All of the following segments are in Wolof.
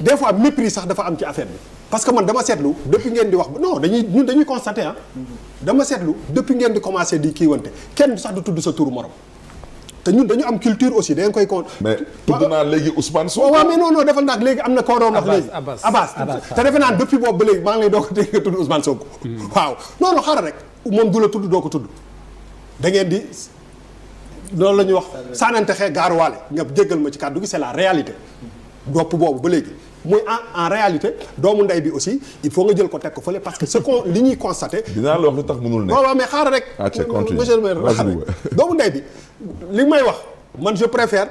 des fois mépris sax dafa am ci affaire parce que man dama setlu depuis ngeen di wax non dañuy ñun dañuy constater hein dama setlu depuis ngeen di commencer di kiiwante kenn sax du tudd sa tour morom te ñun dañu am culture aussi da koy compte. mais tudd naa léegi Ousmane Sonko. Oh, wa mais non non defal nak légui amna ko doom doon wax léegi. Abbas Abbas te defe naa depuis bobu légui léegi ngi lay doog a dégg Ousmane Sonko. Mm-hmm. waaw non non xaaral rek mom du la tuddu doo ko tudd da ngeen di loolu lañu wax. sànnante xé garwalé nga jéggal ma ci kaddu gi c'est la réalité. dopp bobu ba légui moi en réalité dans nday aussi il faut que le ko teg parce que ce qu'on li constaté. je préfère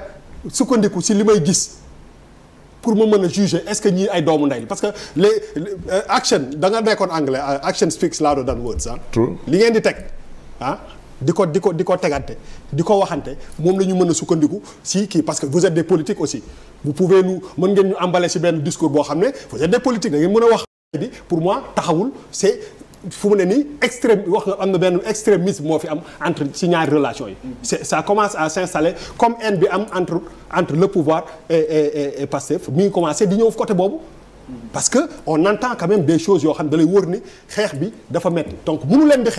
pour me juger est-ce que ñii ay doomu parce que l'action, euh, action da nga en anglais euh, action speaks louder than words ah. li ngeen hein diko diko diko ko diko waxanté mom lañu mëna waxante sukkandiku si ki parce que vous êtes des politiques aussi vous pouvez nous mën ngeen ñu emballer si ben discours bo xamné vous êtes des politiques da ngeen wax pour moi taxawul c'est fu mu ne extrême wax nga am na benn extrémisme moo fi am entre ci ñaari relation yi c'est ça commence à s'installer comme haine bi am entre entre le pouvoir et et et Pastef mi commencé di ñëw côté boobu parce qu'on entend quand même des choses yoo xam ne da lay wër ni donc mënu leen di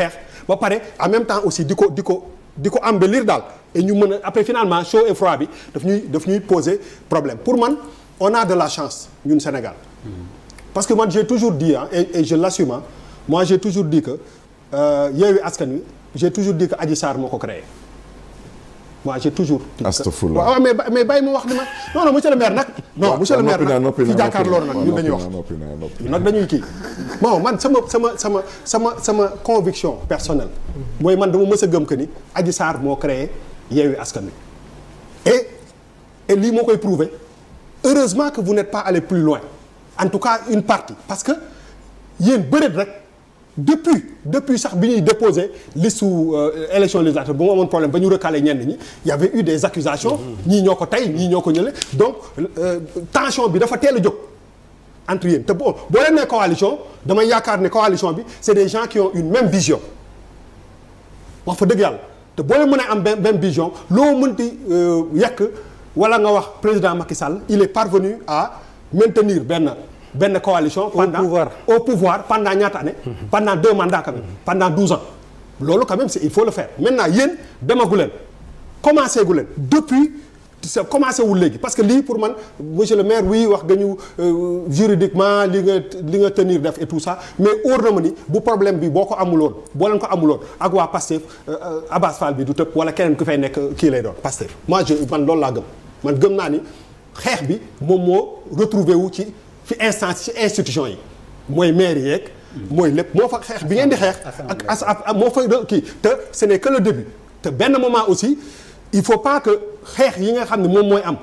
ba en même temps aussi di ko di du embellir d'al. et ñu après finalement chaud et froid bi peut poser poser problème pour moi, on a de la chance au Sénégal. Mm-hmm. parce que moi, j'ai toujours dit hein, et, je l'assume hein, moi j'ai toujours dit que euh, Yewwi Askan j'ai toujours dit que Adji Sarr m'a créé moi j'ai toujours. astafurlah waaw mais mais bay ma wax ni ma non non monsieur le maire nak non monsieur le maire nag fi lor nak ñu dañuy wax nak dañuy ki bon man sama sama sama sama sama conviction personnelle. moy man dama mësa gëm que ni. Adji Sarr mo créé Yewwi Askan et et li mo koy prouver heureusement que vous n'êtes pas allé plus loin en tout cas une partie parce que yeen beureut rek depuis depuis sax bi ñuy déposé sous. Euh, élection législative ba mu problème bañu recaler recalé ñenn ñi y avait eu des accusations ñi ñoko tay ñi ñoko ñëlé ko ñële donc euh, tension bi dafa teel a entre yéen te boo boo leen nee coalition dama yaakaar né coalition bi c'est des gens qui ont une même vision wax fa deug yalla te bo leen mën am même vision lo mënti euh, yak wala nga wax président Macky Sall il est parvenu à maintenir ben benn coalition. pendant au pouvoir au pouvoir pendant ñaata année. pendant deux mandats quand même. pendant 12 ans. lolo quand même c'est il faut le faire maintenant yéen demagu leen commencé gu leen depuis sa commencé wul parce que lui pour man monsieur le maire oui wax nga ñu euh, juridiquement li nga tenir def et tout ça mais au na ma bu problème bi boo ko amuloon boo leen ko amuloon ak à Pastef euh, euh, Abass Fall bi du tëb wala keneen ku fay nekk kii lay doon Pastef moi je man loolu laa gëm man gëm naa ni xeex bi moom moo ci ci instance ci institution yi maire yek moy lepp moo fa bi ngeen di xex ak mo fa te ce n'est que le début. te ben moment aussi il faut pas que xex yi nga xam mom moy am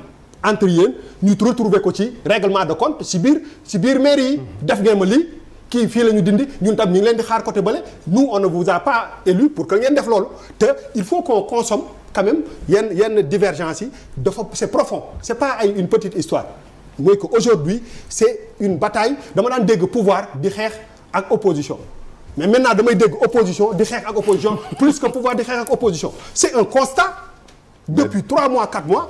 entre ñu retrouver ko ci règlement de compte ci bir ci bir maire def ngeen ma li nous fii la dindi ñun tam ñu leen di xaar côté balé nous on ne vous a pas élu pour que ngeen def te il faut qu'on consomme quand même yenn yenn divergence yi c'est profond c'est pas une petite histoire aujourd'hui c'est une bataille de pouvoir di d'opposition. mais maintenant damay dégg opposition di opposition plus que pouvoir di l'opposition. c'est un constat depuis trois mois quatre mois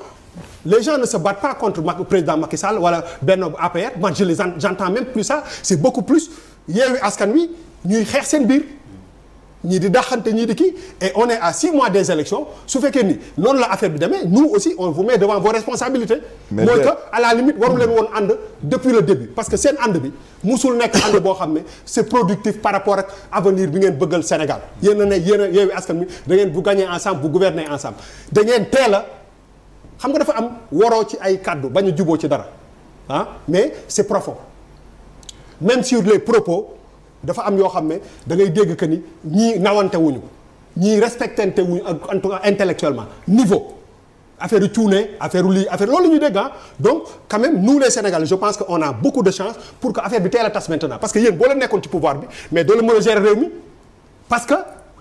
les gens ne se battent pas contre le président Macky Sall ou Benoît APR Moi, je les j'entends même plus ça c'est beaucoup plus hier à nous ñuy xeex seen ni di daxante ni di ki et on est à six mois des élections su fekké ni non la affaire bi démé nous aussi on vous met devant vos responsabilités mooy que à la limite waru leen won ànd depuis le début parce que sen ànd bi musul nek ànd bo xamné c'est productif par rapport ak avenir bi ngeen bëggal Sénégal yéen a ne yéen a Askan mi da ngeen bu gagner ensemble bu gouverner ensemble da ngeen téla xam nga dafa am woro ci ay kàddu bañ a ci dara ah mais c'est profond même sur les propos dafa am yoo xam ne da ngay dégg que ni ñii nawante wuñu ñii respectante wuñu ak en tout cas intellectuellement niveau affaire yu cuune affaire lii affaire loolu la ñuy dégg ah donc quand même nous les Sénégalais je pense que on a beaucoup de chance pour que affaire bi teel a tas maintenant parce que yéen boo leen nekkoon ci pouvoir bi mais doo leen mën a gérer réew mi parce que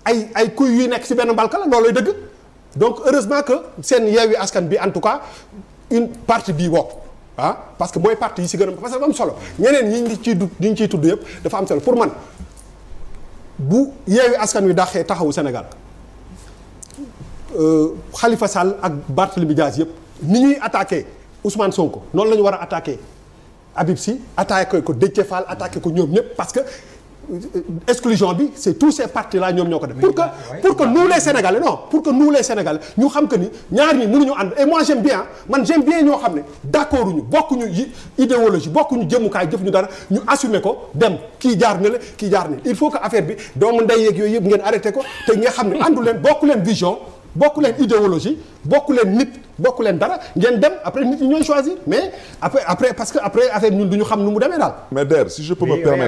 ay ay kuy yuy nekk ci benn mbalka la loolooy dëgg donc heureusement que seen Yewwi Askan bi en tout cas une partie bi wokk ah parce que booy parti yi si gën a parce que dafa am solo ñeneen ñi ñu ciy du ñu ciy tudd yëpp dafa am solo pour man bu yeewi askan wi daxee taxawu Sénégal euh, Khalifa Sall ak Barthélémy Dias yëpp ni ñuy attaqué Ousmane Sonko noonu la ñu war a attaqué Habib Sy attaqué ko Déthié Fall attaqué ko ñoom ñëpp parce que. exclusion bi c'est tous ces partis là ñom ñoko def pour que pour que nous les sénégalais non pour que nous les sénégalais ñu xam que ni ñaar ñi ñu et moi j'aime bien man j'aime bien ñoo xamné D'accord d'accord bokku ñu idéologie bokkuñu jëmukaay jëf ñu dara ñu assumer ko dem ki jaar qui la ki jaar na il faut que affaire bi doomu ndey yeeg yooyu ngeen arrêté ko te nga xam andu len bokku len vision bokku len idéologie bokku len nit bokku len dara ngeen dem après nit ñi ñooy choisir mais après après parce que après affaire ñun duñu xam nu mu démé dal mais d'air si je peux me permettre